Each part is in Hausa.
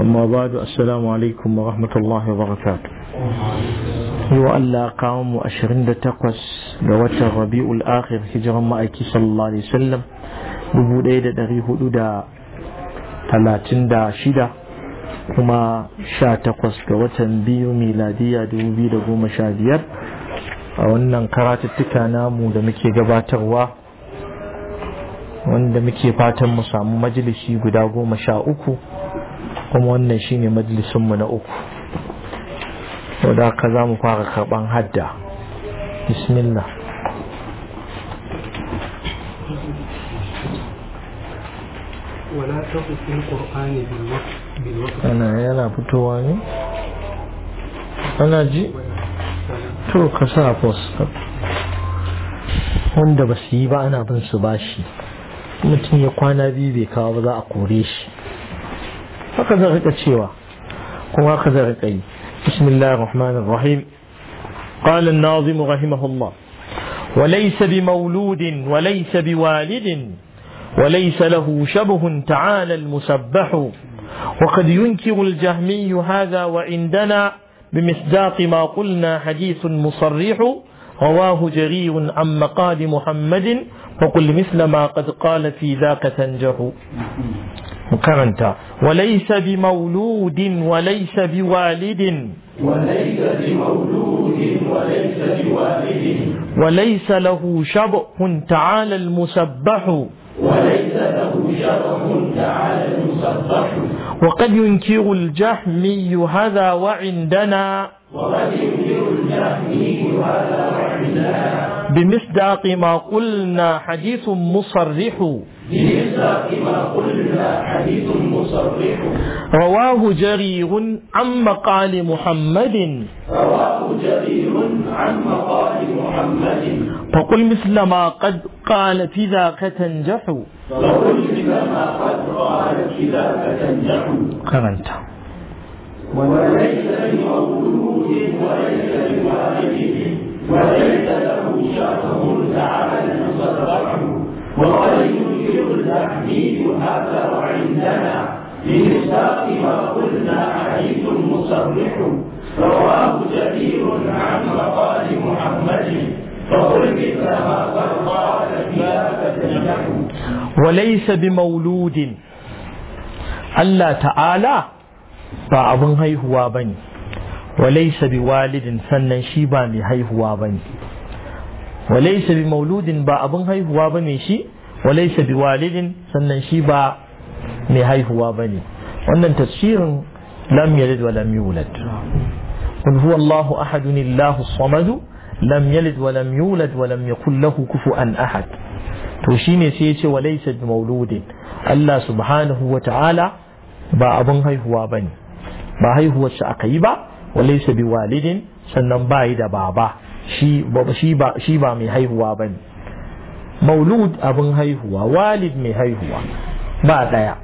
أما بعد السلام عليكم ورحمة الله وبركاته وألا قام أشرين تقوس لوتا ربيع الآخر هجرة ما أكي صلى الله عليه وسلم بفود أيدا دغي ثلاثين دا شيدا كما شا تقوس لوتا بيو ميلادية دو بيدا قوم شاديات wannan karatun tuka namu da muke gabatarwa wanda muke fatan mu samu majalisi kuma wannan shine majalisunmu na uku wadda aka za mu fara karban hadda bismillah ana yana fitowa ne ana ji to ka sa fos wanda ba su yi ba ana bin su bashi mutum ya kwana biyu bai kawo ba za a kore shi فقد zan rika وهكذا kuma بسم الله الرحمن الرحيم قال الناظم رحمه الله وليس بمولود وليس بوالد وليس له شبه تعالى المسبح وقد ينكر الجهمي هذا وعندنا بمصداق ما قلنا حديث مصرح رواه جرير عن مقال محمد وقل مثل ما قد قال في ذاك تنجح مقارنتا وليس بمولود وليس بوالد وليس بمولود وليس بوالد وليس له شبه تعالى المسبح وليس له شبه تعالى المسبح وقد ينكر الجهمي هذا وعندنا وقد ينكر الجهمي هذا وعندنا بمصداق ما قلنا حديث مصرح ما قلنا حديث مصرح رواه جرير عن مقال محمد رواه جرير عن مقال محمد فقل مثل ما قد قال في ذاك تنجح فقل مثل ما قد قال في ذاك تنجح قرنت وليس لمولود وليس لوالده وليس له شأن تعالى صدقه وغير التحميد أثر عندنا لمصداق ما قلنا حديث مصرح رواه جرير عن مقال محمد فقل مثل ما فيها فتنجح وليس بمولود ألا تعالى فأبن هي هو ba وليس بوالد سنن شيبان هي هو shi Walaisabi bi mauludin ba abin haihuwa bane shi walaysa bi walidin sannan shi ba mai haihuwa bane wannan tafsirin lam yalid wa lam yulad qul huwallahu ahadun allahu samadu lam yalid wa lam yulad wa lam yakul lahu kufuwan ahad to shi ne sai ya ce walaysa bi mauludin Allah subhanahu wa ta'ala ba abin haihuwa ne. ba haihuwar shi aka yi ba Walaisabi bi walidin sannan ba yi da baba shi ba shi ba shi ba mai haihuwa bane maulud abin haihuwa walid mai haihuwa ba daya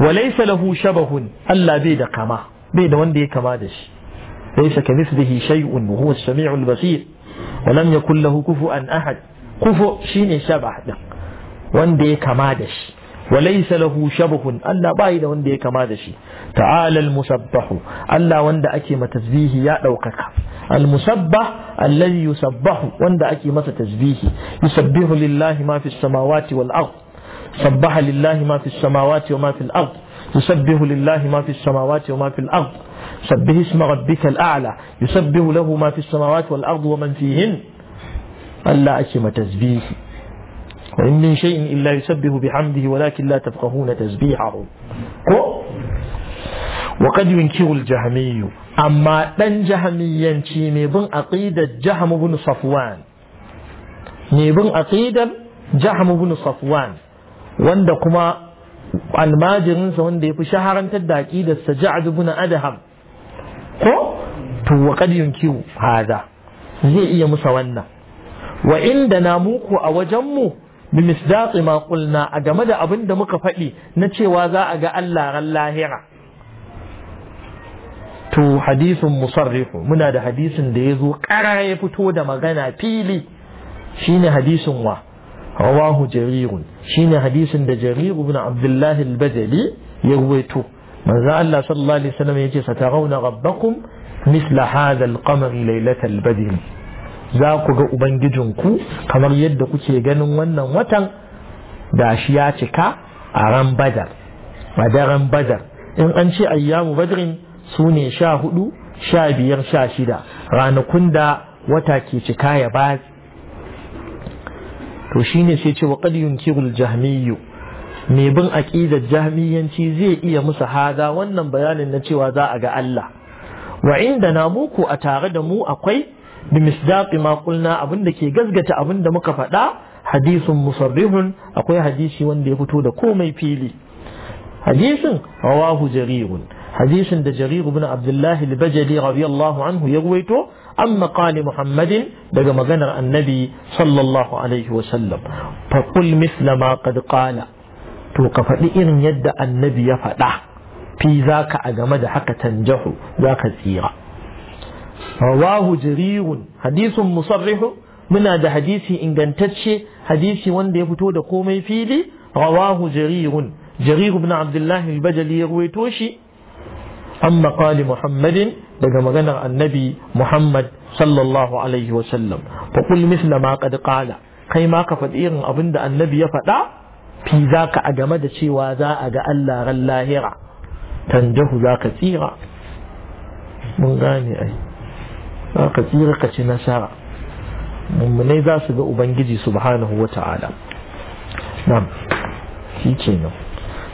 wa laysa lahu shabahun Allah bai da kama bai da wanda ya kama da shi laysa ka kamithlihi shay'un wa huwa as samiu al basir wa lam yakul lahu kufuwan ahad kufu shine shabah din wanda ya kama da shi wa laysa lahu shabahun Allah bai da wanda دا kama da shi ta'ala al-musabbahu Allah wanda ake تسبيه ya daukaka المسبح الذي يسبح وندا أكي مسا تسبيح يسبح لله ما في السماوات والأرض سبح لله ما في السماوات وما في الأرض يسبح لله ما في السماوات وما في الأرض سبح اسم ربك الأعلى يسبح له ما في السماوات والأرض ومن فيهن ألا اكي متسبيح وإن من شيء إلا يسبح بحمده ولكن لا تفقهون تسبيحه وقد ينكر amma أما دن جهميا شيني بن عقيدة جهم بن wanda kuma almajirinsa wanda ya fi shaharantar da aƙidarsa ja'ad ibn adham ko to wa qad yunkiru hada zai iya musa wannan wa inda na muku a wajenmu bi misdaqi ma qulna a game da abin da muka faɗi na cewa za a ga Allah ran lahira to hadisin musarrihu muna da hadisin da ya zo ƙara ya fito da magana fili shine hadisin wa rawahu jarirun shine hadisin da jariru bin abdullahi al-bajali ya ruwaito manzo Allah sallallahu alaihi wasallam yace satarawna rabbakum misla hadha al-qamar laylatal badr za ku ga ubangijinku kamar yadda kuke ganin wannan watan da shi ya cika a ran badar a badar in an ce ayyamu badrin su ne sha hudu sha biyar sha shida ranakun da wata ke cika ya ba to shine sai ce wa qad yunkirul jahmiyyu mai bin aƙidar jahmiyanci zai iya musu haza wannan bayanin na cewa za a ga Allah wa inda na muku a tare da mu akwai bi misdaqi ma abinda ke gazgata abinda muka faɗa hadisun musarrihun akwai hadisi wanda ya fito da komai fili hadisin rawahu jarirun hadisin da jarir ibn abdullahi al-bajali radiyallahu anhu ya ruwaito an maqali muhammadin daga maganar annabi sallallahu alaihi wa sallam fa qul mithla ma qad to ka faɗi irin yadda annabi ya faɗa fi zaka a game da haka tanjahu zaka tsira rawahu jarirun hadisun musarrihu muna da hadisi ingantacce hadisi wanda ya fito da komai fili rawahu jarirun jarir abdullahi al ya ruwaito shi an maƙali muhammadin daga maganar annabi muhammad sallallahu alaihi wasallam fa kul misla ma qad qala kai ma ka faɗi irin abin da annabi ya faɗa fi za ka a game da cewa za a ga Allah ran lahira Tandahu za ka tsira mun gane ai za ka tsira ka ci nasara mummunai za su ga ubangiji subhanahu wa ta'ala na'am shi kenan